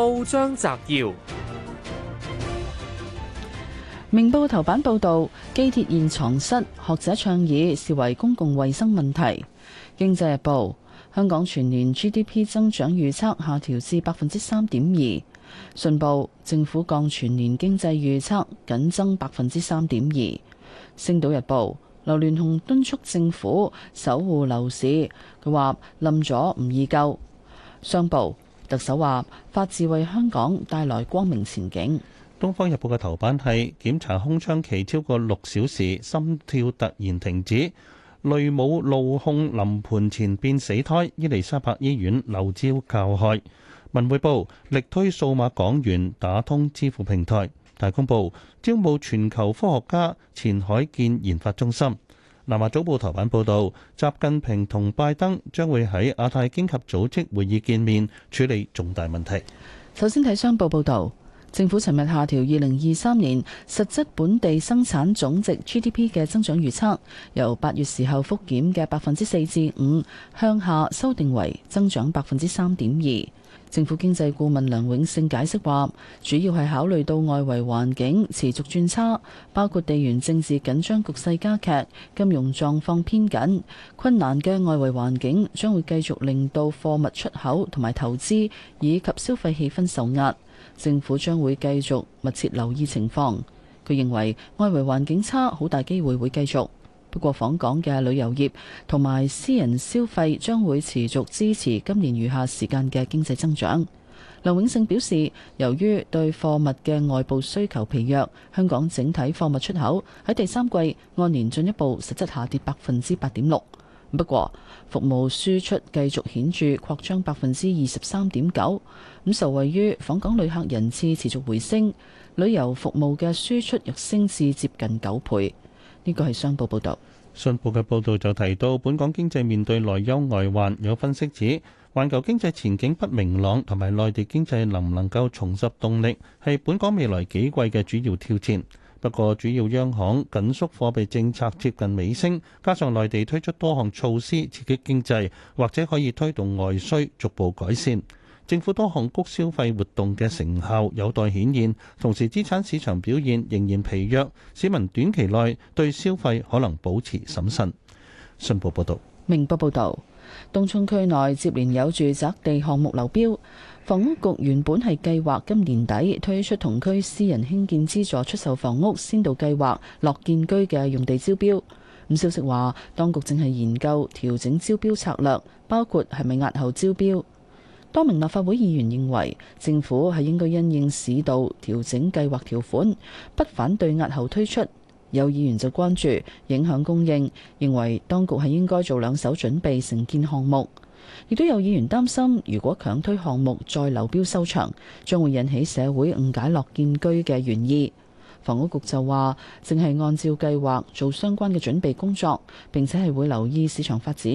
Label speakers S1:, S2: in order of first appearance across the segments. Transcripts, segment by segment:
S1: 報章摘要：明報頭版報道，機鐵現藏室學者倡議視為公共衛生問題。經濟日報：香港全年 GDP 增長預測下調至百分之三點二。信報：政府降全年經濟預測，僅增百分之三點二。星島日報：劉鑾雄敦促政府守護樓市，佢話冧咗唔易救。商報。特首話：法治為
S2: 香港帶來光明前景。《東方日報》嘅頭版係檢查空窗期超過六小時，心跳突然停止。雷母怒控臨盆前變死胎。伊利沙伯醫院漏招教害。《文匯報》力推數碼港元打通支付平台。《大公報》招募全球科學家前海建研發中心。南華早報頭版報道，習近平同拜登將會喺亞太經合組織會議見面，處理重大問題。
S1: 首先睇商報報道，政府尋日下調二零二三年實質本地生產總值 GDP 嘅增長預測，由八月時候復檢嘅百分之四至五向下修訂為增長百分之三點二。政府經濟顧問梁永勝解釋話：主要係考慮到外圍環境持續轉差，包括地緣政治緊張局勢加劇、金融狀況偏緊、困難嘅外圍環境，將會繼續令到貨物出口同埋投資以及消費氣氛受壓。政府將會繼續密切留意情況。佢認為外圍環境差，好大機會會繼續。不過，訪港嘅旅遊業同埋私人消費將會持續支持今年餘下時間嘅經濟增長。梁永勝表示，由於對貨物嘅外部需求疲弱，香港整體貨物出口喺第三季按年進一步實質下跌百分之八點六。不過，服務輸出繼續顯著擴張百分之二十三點九。咁受惠於訪港旅客人次持續回升，旅遊服務嘅輸出亦升至接近
S2: 九倍。呢個係商報報導，信報嘅報導就提到，本港經濟面對內憂外患，有分析指，環球經濟前景不明朗，同埋內地經濟能唔能夠重拾動力，係本港未來幾季嘅主要挑戰。不過，主要央行緊縮貨幣政策接近尾聲，加上內地推出多項措施刺激經濟，或者可以推動外需逐步改善。政府多項谷消費活動嘅成效有待顯現，同時資產市場表現仍然疲弱，市民短期內對消費可能保持審慎。信報報道，
S1: 明報報道，東涌區內接連有住宅地項目流標，房屋局原本係計劃今年底推出同區私人興建資助出售房屋先導計劃，落建居嘅用地招標。咁消息話，當局正係研究調整招標策略，包括係咪押後招標。多名立法會議員認為政府係應該因應市道調整計劃條款，不反對押後推出。有議員就關注影響供應，認為當局係應該做兩手準備，承建項目。亦都有議員擔心，如果強推項目再流標收場，將會引起社會誤解樂建居嘅原意。房屋局就話，正係按照計劃做相關嘅準備工作，並且係會留意市場發展，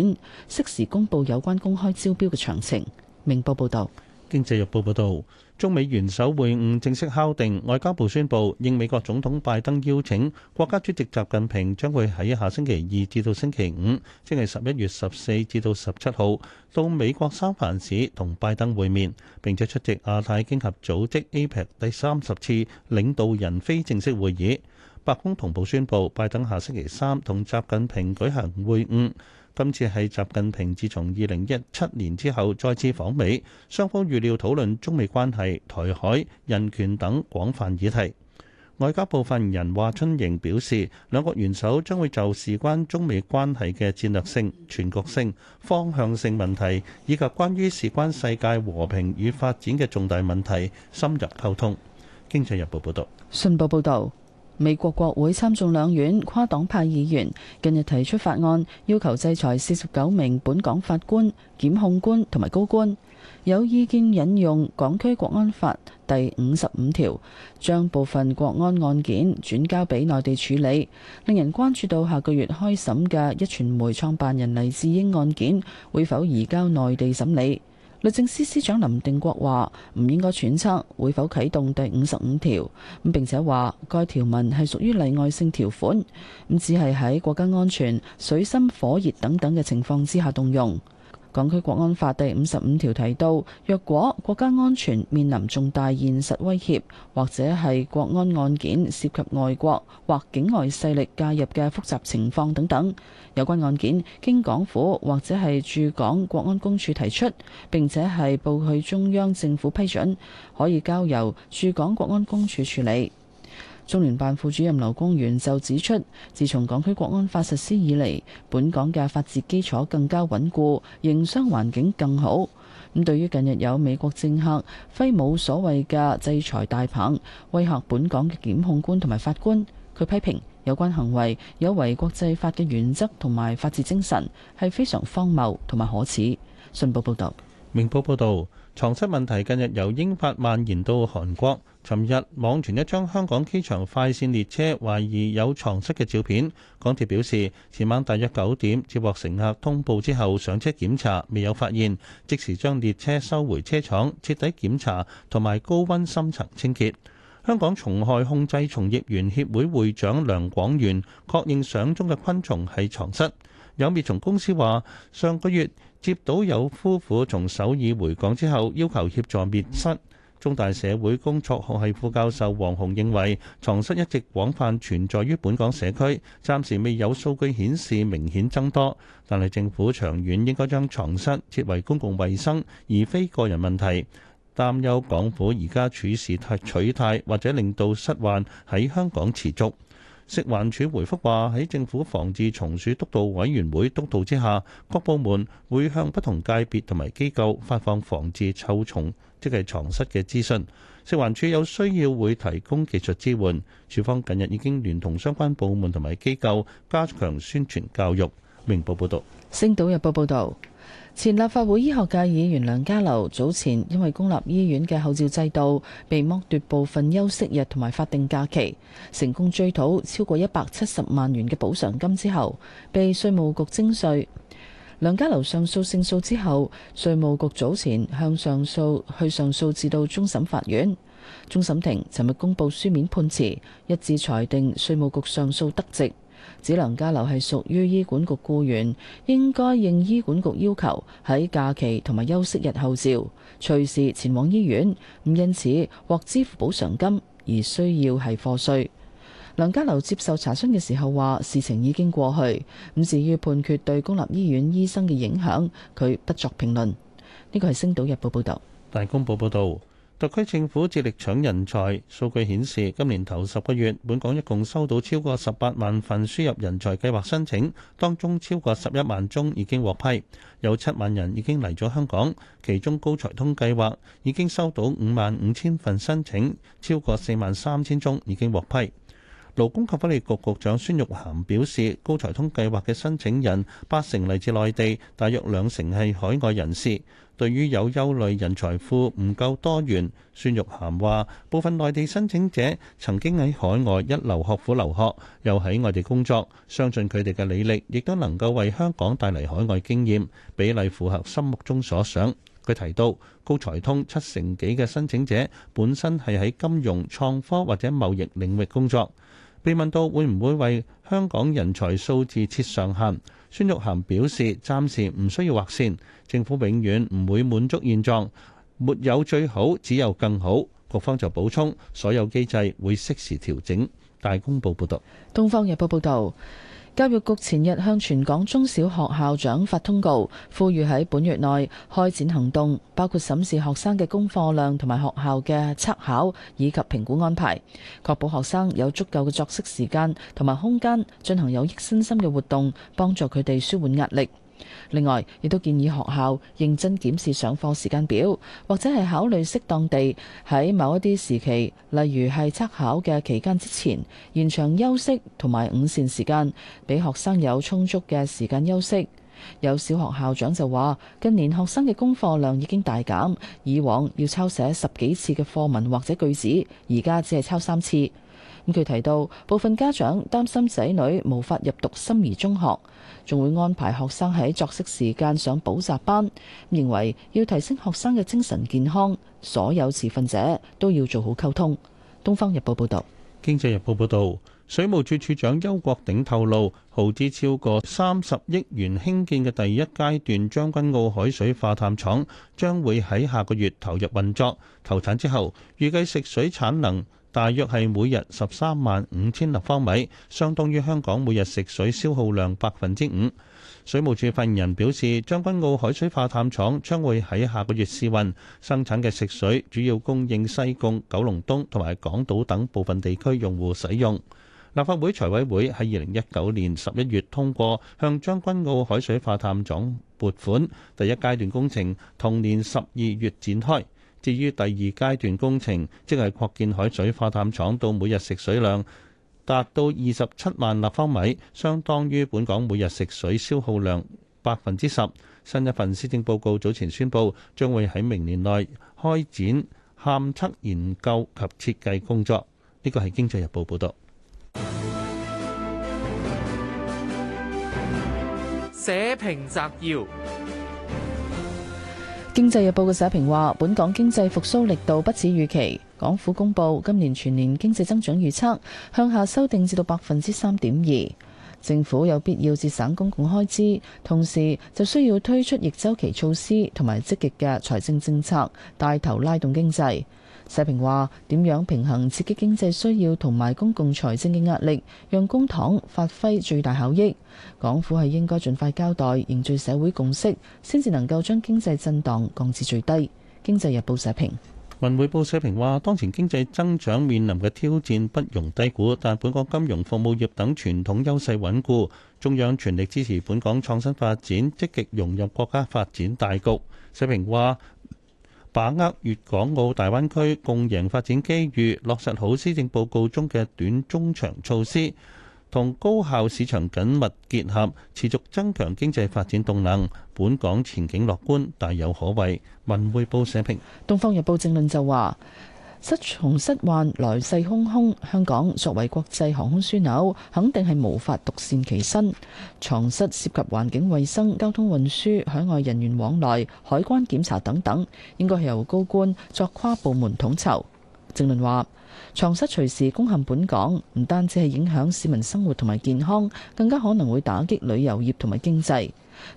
S1: 適
S2: 時公佈有關公開招標嘅詳情。明報報導，經濟日報報導，中美元首會晤正式敲定。外交部宣布，應美國總統拜登邀請，國家主席習近平將會喺下星期二至到星期五，即係十一月十四至到十七號，到美國三藩市同拜登會面，並且出席亞太經合組織 APEC 第三十次領導人非正式會議。白宮同步宣布，拜登下星期三同習近平舉行會晤。今次係習近平自從二零一七年之後再次訪美，雙方預料討論中美關係、台海、人權等廣泛議題，外交部發言人華春瑩表示，兩國元首將會就事關中美關係嘅戰略性、全局性、方向性問題，以及關於事關世界和平與發展嘅重大問題深入溝通。經濟日報報道。
S1: 信報報導。美國國會參眾兩院跨黨派議員近日提出法案，要求制裁四十九名本港法官、檢控官同埋高官。有意見引用港區國安法第五十五條，將部分國安案件轉交俾內地處理，令人關注到下個月開審嘅壹傳媒創辦人黎智英案件會否移交內地審理。律政司司長林定國話：唔應該揣測會否啟動第五十五條，並且話該條文係屬於例外性條款，咁只係喺國家安全、水深火熱等等嘅情況之下動用。港區國安法第五十五條提到，若果國家安全面臨重大現實威脅，或者係國安案件涉及外國或境外勢力介入嘅複雜情況等等，有關案件經港府或者係駐港國安公署提出，並且係報去中央政府批准，可以交由駐港國安公署處理。中聯辦副主任劉光元就指出，自從港區國安法實施以嚟，本港嘅法治基礎更加穩固，營商環境更好。咁對於近日有美國政客揮舞所謂嘅制裁大棒威嚇本港嘅檢控官同埋法官，佢批評有關行為有違國際法嘅原則同埋法治精神，係非常荒謬
S2: 同埋可恥。信報報道。明報報導，床蝨問題近日由英法蔓延到韓國。尋日網傳一張香港機場快線列車懷疑有床蝨嘅照片，港鐵表示，前晚大約九點接獲乘客通報之後，上車檢查，未有發現，即時將列車收回車廠徹底檢查同埋高溫深層清潔。香港蟲害控制從業員協會會，會長梁廣源確認相中嘅昆蟲係床蝨。有滅蟲公司話，上個月，接到有夫婦從首爾回港之後，要求協助滅蝨。中大社會工作學系副教授黃洪認為，床蝨一直廣泛存在於本港社區，暫時未有數據顯示明顯增多。但係政府長遠應該將床蝨設為公共衞生，而非個人問題。擔憂港府而家處事太取態，或者令到蝨患喺香港持續。食環署回覆話：喺政府防治蟲鼠督導委員會督導之下，各部門會向不同界別同埋機構發放防治臭蟲即係床蝨嘅資訊。食環署有需要會提供技術支援。署方近日已經聯同相關部門同埋機構加強宣傳教育。明報報導，
S1: 《星島日報》報道。前立法會醫學界議員梁家騮早前因為公立醫院嘅候召制度被剝奪部分休息日同埋法定假期，成功追討超過一百七十萬元嘅補償金之後，被稅務局徵稅。梁家騮上訴勝訴之後，稅務局早前向上訴去上訴至到終審法院。終審庭尋日公布書面判詞，一致裁定稅務局上訴得直。指梁家樓係屬於醫管局僱員，應該應醫管局要求喺假期同埋休息日後照，隨時前往醫院。咁因此獲支付補償金，而需要係課稅。梁家樓接受查詢嘅時候話，事情已經過去。咁至於判決對公立醫院醫生嘅影響，佢不作評論。呢個係《星島日報》報道。
S2: 大公報報道。特區政府致力搶人才，數據顯示今年頭十個月，本港一共收到超過十八萬份輸入人才計劃申請，當中超過十一萬宗已經獲批，有七萬人已經嚟咗香港。其中高才通計劃已經收到五萬五千份申請，超過四萬三千宗已經獲批。勞工及福利局局長孫玉菡表示，高才通計劃嘅申請人八成嚟自內地，大約兩成係海外人士。對於有憂慮人才庫唔夠多元，孫玉菡話部分內地申請者曾經喺海外一流學府留學，又喺外地工作，相信佢哋嘅履歷亦都能夠為香港帶嚟海外經驗，比例符合心目中所想。佢提到高才通七成幾嘅申請者本身係喺金融、創科或者貿易領域工作。被問到會唔會為香港人才數字設上限，孫玉菡表示暫時唔需要劃線，政府永遠唔會滿足現狀，沒有最好，只有更好。各方就補充，所有機制會適時調整。大公報報道。東方
S1: 日報報道。教育局前日向全港中小學校長發通告，呼籲喺本月內開展行動，包括審視學生嘅功課量同埋學校嘅測考以及評估安排，確保學生有足夠嘅作息時間同埋空間進行有益身心嘅活動，幫助佢哋舒緩壓力。另外，亦都建議學校認真檢視上課時間表，或者係考慮適當地喺某一啲時期，例如係測考嘅期間之前，延長休息同埋午膳時間，俾學生有充足嘅時間休息。有小學校長就話，近年學生嘅功課量已經大減，以往要抄寫十幾次嘅課文或者句子，而家只係抄三次。咁佢提到，部分家長擔心仔女無法入讀心儀中學，仲會安排學生喺作息時間上補習班，認為要提升學生嘅精神健康，所有持份者都要做好溝通。東方日報報道，
S2: 經濟日報報道。水務署署長邱國鼎透露，耗資超過三十億元興建嘅第一階段將軍澳海水化淡廠將會喺下個月投入運作，投產之後，預計食水產能大約係每日十三萬五千立方米，相當於香港每日食水消耗量百分之五。水務署發言人表示，將軍澳海水化淡廠將會喺下個月試運，生產嘅食水主要供應西貢、九龍東同埋港島等部分地區用戶使用。立法會財委會喺二零一九年十一月通過向將軍澳海水化淡廠撥款，第一階段工程同年十二月展開。至於第二階段工程，即係擴建海水化淡廠到每日食水量達到二十七萬立方米，相當於本港每日食水消耗量百分之十。新一份施政報告早前宣布，將會喺明年內開展勘測研究及設計工作。呢個係《經濟日報》報道。社評摘要。
S1: 經濟日報嘅社評話，本港經濟復蘇力度不似預期。港府公布今年全年經濟增長預測向下修訂至到百分之三點二。政府有必要節省公共開支，同時就需要推出逆周期措施同埋積極嘅財政政策，帶頭拉動經濟。社評話：點樣平衡刺激經濟需要同埋公共財政嘅壓力，讓公帑發揮最大效益？港府係應該盡快交代，凝聚社會共識，先至能夠將經濟震盪降至最低。經濟日報社評。
S2: 文匯報社評話：當前經濟增長面臨嘅挑戰不容低估，但本港金融服務業等傳統優勢穩固，中央全力支持本港創新發展，積極融入國家發展大局。社評話。把握粵港澳大灣區共贏發展機遇，落實好施政報告中嘅短中長措施，同高效市場緊密結合，持續增強經濟發展動能。本港前景樂觀，大有可為。文匯報社評，
S1: 東方日報正論就話。床蝨蟲患，來勢洶洶。香港作為國際航空樞紐，肯定係無法獨善其身。床蝨涉及環境衛生、交通運輸、海外人員往來、海關檢查等等，應該係由高官作跨部門統籌。正論話：床蝨隨時攻陷本港，唔單止係影響市民生活同埋健康，更加可能會打擊旅遊業同埋經濟。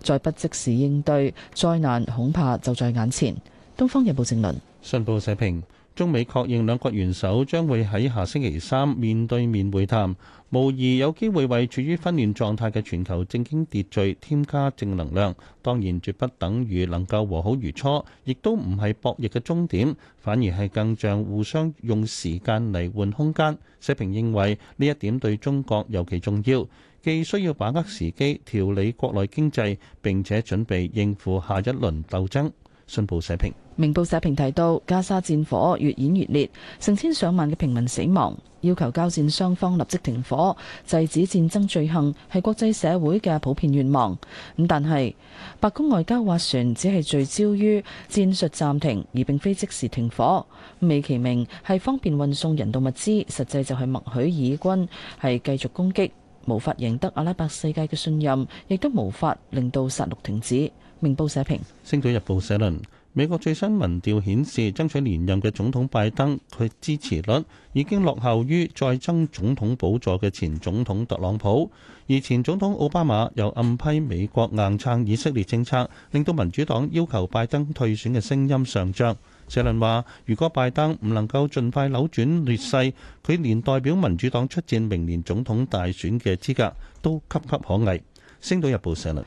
S1: 再不即時應對，災難恐怕就在眼前。東方日報正論。
S2: 信報社評。中美確認兩國元首將會喺下星期三面對面會談，無疑有機會為處於分裂狀態嘅全球政經秩序添加正能量。當然，絕不等於能夠和好如初，亦都唔係博弈嘅終點，反而係更像互相用時間嚟換空間，社評認為呢一點對中國尤其重要，既需要把握時機調理國內經濟，並且準備應付下一輪鬥爭。信報社評，
S1: 明報社評提到，加沙戰火越演越烈，成千上萬嘅平民死亡，要求交戰雙方立即停火、制止戰爭罪行係國際社會嘅普遍願望。咁但係，白宮外交劃船只係聚焦於戰術暫停，而並非即時停火。美其名係方便運送人道物資，實際就係默許以軍係繼續攻擊，無法贏得阿拉伯世界嘅信任，亦都無法令到殺戮停止。明報社評，
S2: 《星島日報》社論：美國最新民調顯示，爭取連任嘅總統拜登佢支持率已經落後於再爭總統寶座嘅前總統特朗普，而前總統奧巴馬又暗批美國硬撐以色列政策，令到民主黨要求拜登退選嘅聲音上漲。社論話：如果拜登唔能夠盡快扭轉劣勢，佢連代表民主黨出戰明年總統大選嘅資格都岌岌可危。《星島日報》社論。